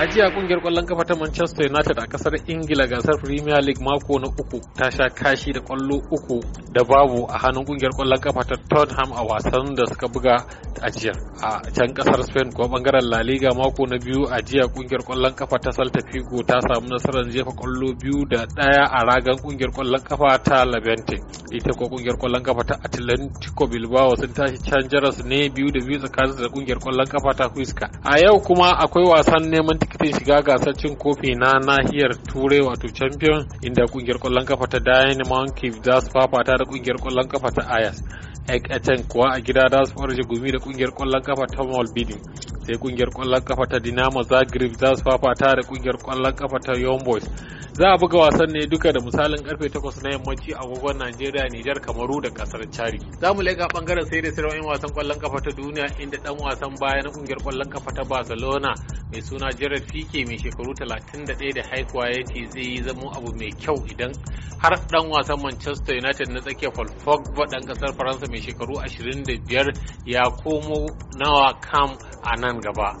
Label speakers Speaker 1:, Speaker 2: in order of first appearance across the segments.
Speaker 1: A jiya kungiyar kwallon kafa ta Manchester United a kasar Ingila gasar Premier League mako na uku ta sha kashi da kwallo uku da babu a hannun kungiyar kwallon kafa ta Tottenham a wasan da suka buga a jiya. A can kasar Spain ko bangaren La Liga mako na biyu a jiya kungiyar kwallon kafa ta salta figo ta samu nasarar jefa kwallo biyu da daya a ragan kungiyar kwallon kafa ta Levante. Ita kuwa kungiyar kwallon kafa ta Atlantico Bilbao sun tashi can jaras ne biyu da biyu tsakanin da kungiyar kwallon kafa ta huiska A yau kuma akwai wasan neman take shiga gasar cin kofi na nahiyar turai wato champion inda kungiyar kwallon kafa ta dayan kiev za su fafata da kungiyar kwallon kafa ta ayas Ek kuwa a gida za su fara gumi da kungiyar kwallon kafa ta malbidi sai kungiyar kwallon kafa ta Dinamo Zagreb za su fafata da kungiyar kwallon kafa ta Young Boys za a buga wasan ne duka da misalin karfe 8 na yammaci a agogon Najeriya, Nijar, Kamaru da kasar Chari. Za mu leƙa bangaren sai da sirrin wasan kwallon kafa ta duniya inda dan wasan baya na kungiyar kwallon kafa ta Barcelona mai suna Gerard Pique mai shekaru 31 da haihuwa ya ce zai yi zamo abu mai kyau idan har dan wasan Manchester United na tsakiyar Paul Pogba dan kasar Faransa mai shekaru 25 ya komo nawa kam a nan gaba.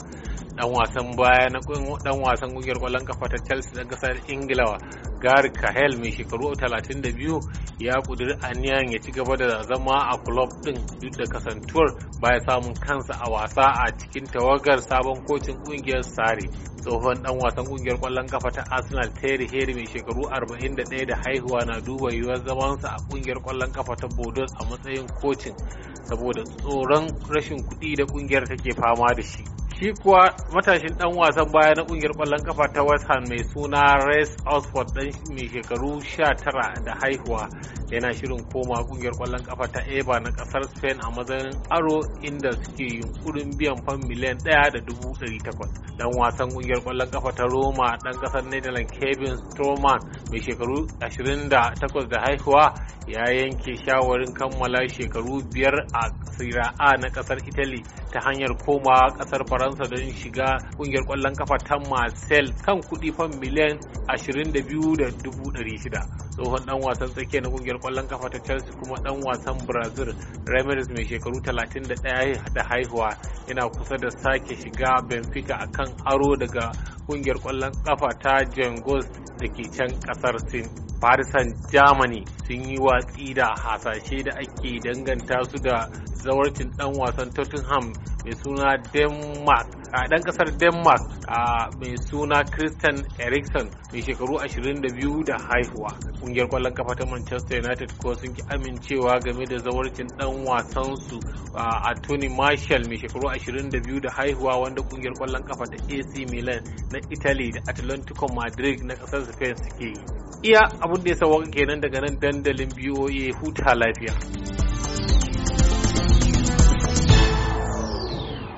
Speaker 1: dan wasan baya na dan wasan kungiyar kwallon kafa ta Chelsea da kasar Ingila gari Cahill mai shekaru 32 ya kuduri aniyan ya ci gaba da zama a club din duk da kasantuwar baya samun kansa a wasa a cikin tawagar sabon kocin kungiyar Sari tsohon dan wasan kungiyar kwallon kafa ta Arsenal Terry Henry mai shekaru 41 da haihuwa na duba yiwuwar zamansa a kungiyar kwallon kafa ta Bordeaux a matsayin kocin saboda tsoron rashin kuɗi da kungiyar take fama da shi shi kuwa matashin dan wasan baya na kungiyar kwallon kafa ta west ham mai suna race oxford dan mai shekaru 19 da haihuwa yana shirin koma kungiyar kwallon kafa ta eba na kasar spain a matsayin aro inda suke yunkurin biyan fan miliyan 1.800 dan wasan kungiyar kwallon kafa ta roma dan kasar netherlands kevin stroman mai shekaru 28 da haihuwa ya yanke shawarin kammala shekaru biyar a sira a na kasar italy ta hanyar koma kasar faransa kansa don shiga kungiyar kwallon kafa ta marcel kan kuɗi fan miliyan 22,600 tsohon dan wasan tsakiya na kungiyar kwallon kafa ta chelsea kuma dan wasan brazil ramirez mai shekaru 31 da haihuwa yana kusa da sake shiga benfica akan aro daga kungiyar kwallon kafa ta jengos da ke can kasar sin farisan germany sun yi watsi da hasashe da ake danganta su da zawarcin dan wasan tottenham mai suna denmark a dan kasar denmark a mai suna christian eriksen mai shekaru 22 da haihuwa kungiyar kwallon kafa ta manchester united ko sun ki amincewa game da zawarcin dan wasansu a tony marshall mai shekaru 22 da haihuwa wanda kungiyar kwallon kafa ta ac milan na italy da atlantico madrid na kasar spain suke yi iya abin da ya sawa kenan daga nan dandalin BOA huta lafiya.